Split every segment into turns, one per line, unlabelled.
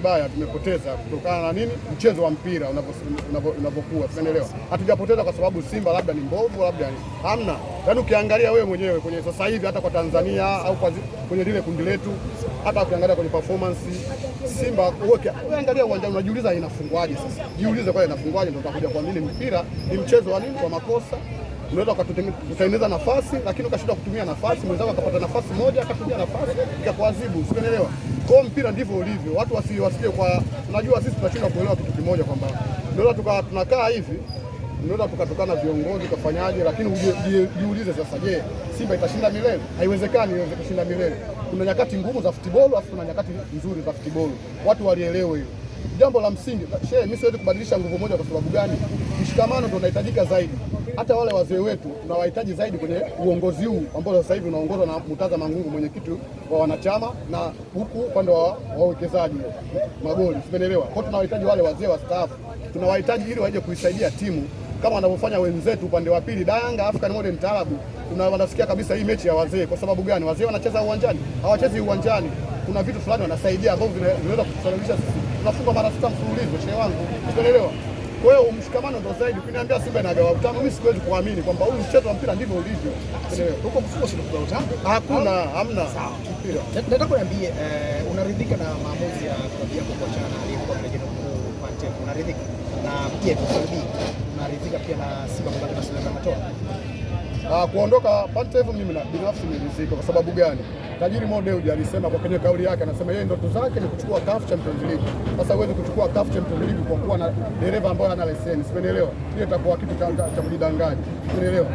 Baya tumepoteza kutokana na nini? Mchezo wa mpira unavyokuwa, unaelewa. Hatujapoteza kwa sababu Simba labda ni mbovu, labda hamna. Yaani ukiangalia wewe mwenyewe kwenye sasa hivi hata kwa Tanzania au kwa kwenye lile kundi letu, hata ukiangalia kwenye performance Simba, wewe angalia uwanjani, unajiuliza inafungwaje? Sasa jiulize kwa inafungwaje, ndio utakuja kwa nini. Mpira ni mchezo wa nini? Kwa makosa unaweza ukatengeneza nafasi lakini ukashindwa kutumia nafasi, mwenzako akapata nafasi moja akatumia nafasi kuadhibu, Sikuelewa Kwa mpira ndivyo ulivyo. Watu wasi, wasikie kwa, unajua sisi tunashindwa kuelewa kitu kimoja kwamba tuka tunakaa hivi unaweza tukatukana viongozi ukafanyaje, lakini ujiulize sasa, je, Simba itashinda milele? Haiwezekani iweze kushinda milele. Kuna nyakati ngumu za futibolo, afu kuna nyakati nzuri za futibolo, watu walielewe hiyo jambo la msingi. Shehe, mimi siwezi kubadilisha nguvu moja. Kwa sababu gani? Mshikamano ndio unahitajika zaidi. Hata wale wazee wetu tunawahitaji zaidi kwenye uongozi huu ambao sasa hivi unaongozwa na Mutaza Mangungu, mwenyekiti wa wanachama, na huku upande wa wawekezaji Magoli, simenelewa kwao. Tunawahitaji wale wazee wastaafu, tunawahitaji ili waje kuisaidia timu kama wanavyofanya wenzetu upande wa pili da Yanga African Modern Taarabu, wanasikia kabisa hii mechi ya wazee. Kwa sababu gani? Wazee wanacheza uwanjani, hawachezi uwanjani, kuna vitu fulani wanasaidia ambavyo vinaweza kutusababisha sisi na mara sita mfululizo, shehe wangu, unaelewa? Kwa hiyo mshikamano ndo zaidi. Ukiniambia Simba inagawa utano, mimi siwezi kuamini kwamba huu mchezo wa mpira ndivyo ulivyo.
Huko mfuko sio kwa utano,
hakuna hamna
mpira. Nataka kuniambie, eh, unaridhika na maamuzi ya klabu yako kuachana na aliyekuwa mrejeo mkuu Pante? Unaridhika na pia kwa sababu unaridhika pia na Simba kubaki na Suleiman Matoa?
Uh, kuondoka Pantev mimi na binafsi nilizika. Kwa sababu gani? Tajiri Mo Dewji alisema kwa kwenye kauli yake, anasema yeye ndoto zake ni kuchukua CAF Champions League. Sasa huwezi kuchukua CAF Champions League kwa kuwa na dereva ambaye hana leseni, umeelewa? Hiyo itakuwa kitu cha kujidanganya, umeelewa?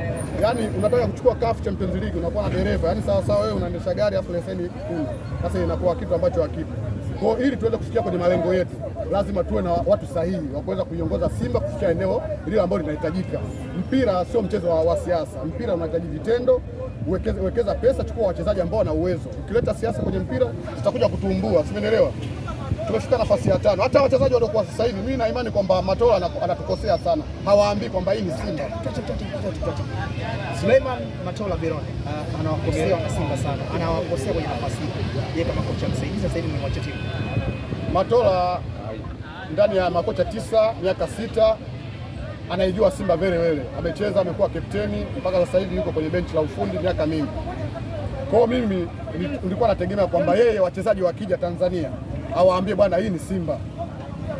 Yaani unataka kuchukua CAF Champions League unakuwa na dereva, yaani sawa sawa, wewe unaendesha gari afu leseni kuna. Sasa inakuwa kitu ambacho hakipo. Kwa hiyo ili tuweze kufikia kwenye malengo yetu, lazima tuwe na watu sahihi wa kuweza kuiongoza Simba kufikia eneo lile ambalo linahitajika. Mpira sio mchezo wa, wa siasa. Mpira unahitaji vitendo. Wekeza, wekeza pesa, chukua wachezaji ambao wana uwezo. Ukileta siasa kwenye mpira, tutakuja kutumbua, simenielewa? tumefika nafasi ya tano. Hata wachezaji waliokuwa sasa hivi, mimi na imani kwamba Matola anatukosea sana, hawaambii kwamba hii ni Simba.
Suleiman Matola Birone uh, anawakosea na Simba sana, anawakosea kwenye nafasi hii. Yeye kama kocha msaidizi sasa hivi mmemwacha timu.
Matola ndani ya makocha tisa, miaka sita anaijua Simba vere vere, amecheza amekuwa kapteni mpaka sasa hivi yuko kwenye benchi la ufundi miaka mingi. Kwa hiyo mimi nilikuwa nategemea kwamba yeye wachezaji wakija Tanzania awaambie bwana, hii ni Simba.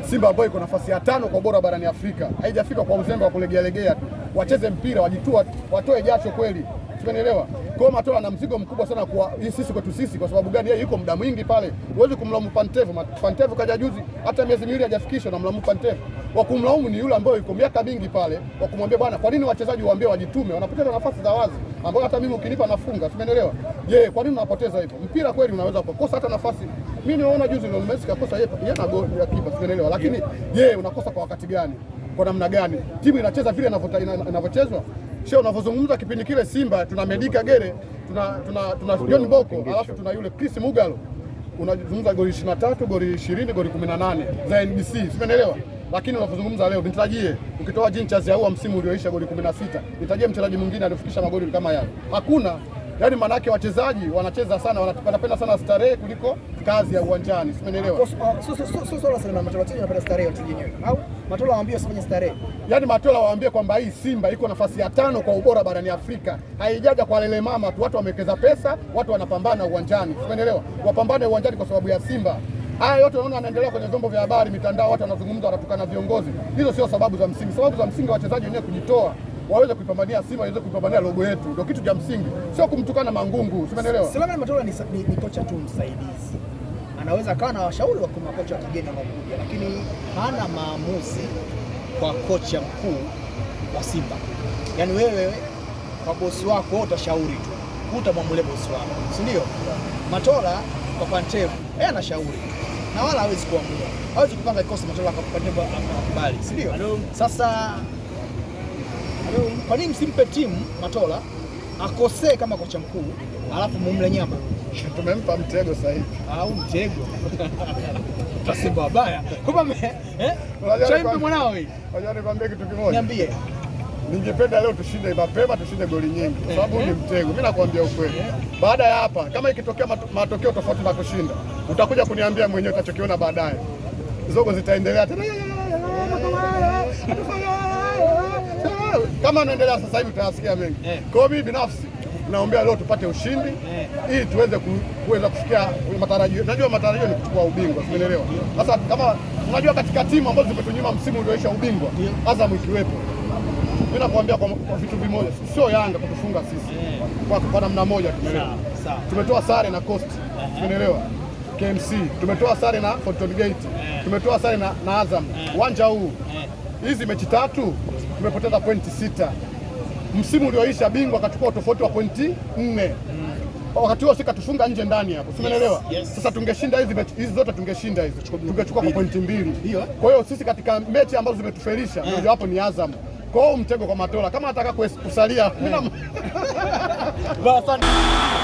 Simba ambayo iko nafasi ya tano kwa bora barani Afrika, haijafika kwa uzembe wa kulegealegea tu, wacheze mpira, wajitua, watoe jasho kweli, tumeelewa. Goma toa na mzigo mkubwa sana kwa sisi kwetu sisi. Kwa sababu gani? Yeye yuko muda mwingi pale, huwezi kumlaumu Pantevo. Pantevo kaja juzi, hata miezi miwili hajafikisha, na mlaumu Pantevo. Wa kumlaumu ni yule ambaye yuko miaka mingi pale, wa kumwambia bwana, kwa nini wachezaji waambie wajitume, wanapoteza nafasi za wazi ambayo hata mimi ukinipa nafunga. Tumeelewa? Je, kwa nini unapoteza hivyo? Mpira kweli unaweza kukosa hata nafasi. Mimi niona juzi ndio Messi kakosa yeye na goli ya kipa, tumeelewa. Lakini je, unakosa kwa wakati gani? Kwa namna gani? Timu inacheza vile inavyochezwa Sio unavyozungumza kipindi kile Simba tuna Medika Gere tuna tuna, tuna John Boko alafu tuna yule Chris Mugalo unazungumza goli 23 goli 20 goli 18 za NBC, simeelewa. Lakini unavyozungumza leo nitajie, ukitoa Jinchaz ya huo msimu ulioisha goli 16, nitajie mchezaji mwingine alifikisha magoli kama yale? Hakuna. Yaani manake wachezaji wanacheza sana, wanapenda sana starehe kuliko kazi ya uwanjani, simeelewa.
Matola waambie usifanye starehe.
Yaani Matola waambie kwamba hii Simba iko nafasi ya tano kwa ubora barani Afrika, haijaja kwa lele mama tu. Watu wamewekeza pesa, watu wanapambana uwanjani, umeelewa? Wapambane uwanjani kwa sababu ya Simba. Haya yote unaona yanaendelea kwenye vyombo vya habari, mitandao, watu wanazungumza, wanatukana viongozi. Hizo sio sababu za msingi. Sababu za msingi wachezaji wenyewe kujitoa waweze kuipambania Simba, waweze kuipambania logo yetu, ndio kitu cha msingi, sio kumtukana Mangungu, umeelewa?
Selemani Matola ni, ni, ni kocha tu msaidizi anaweza akawa na washauri wa makocha wa kigeni wanaokuja, lakini hana maamuzi kwa kocha mkuu wa Simba. Yaani wewe kwa bosi wako utashauri tu, hutamwamulia bosi wako, si ndio? Matola kwa Pantevu yeye anashauri na wala hawezi kuamua, hawezi kupanga kikosi. Matola kwa Pantevu akakubali, si ndio? Sasa kwa nini msimpe timu Matola akosee kama kocha mkuu, alafu mumle nyama.
Tumempa mtego sasa hivi
au mtego Simba wabaya. Mwanao
nikwambie kitu kimoja. Niambie. Ningependa leo tushinde mapema, tushinde goli nyingi, kwa sababu ni mtego. Mimi nakwambia ukweli, baada ya hapa, kama ikitokea matokeo tofauti na kushinda, utakuja kuniambia mwenyewe utachokiona baadaye. Zogo zitaendelea tena kama naendelea sasa hivi utayasikia mengi. Eh. Kwa hiyo mimi binafsi naombea leo tupate ushindi eh. ili tuweze kuweza kufikia matarajio. Najua matarajio ni kuchukua ubingwa, simenelewa Sasa kama unajua katika timu ambazo zimetunyima msimu ulioisha ubingwa, Azam ikiwepo, mimi nakwambia kwa vitu vimoja, sio Yanga kutufunga sisi eh. kwa, kwa namna moja, tumeelewa. Tumetoa sare na Coast, simenelewa KMC tumetoa sare na Fountain Gate, tumetoa sare na, na Azam uwanja huu hizi mechi tatu tumepoteza pointi sita. Msimu ulioisha bingwa akachukua utofauti wa pointi nne mm. wakati huo sikatufunga nje ndani hapo, simenelewa. yes, yes. Sasa tungeshinda hizi mechi hizi zote, tungeshinda hizi, tungechukua kwa pointi mbili. Kwa hiyo sisi katika mechi ambazo zimetufelisha Mmoja mm. wapo ni Azam. Kwa hiyo mtego kwa Matola kama anataka kusalia mm.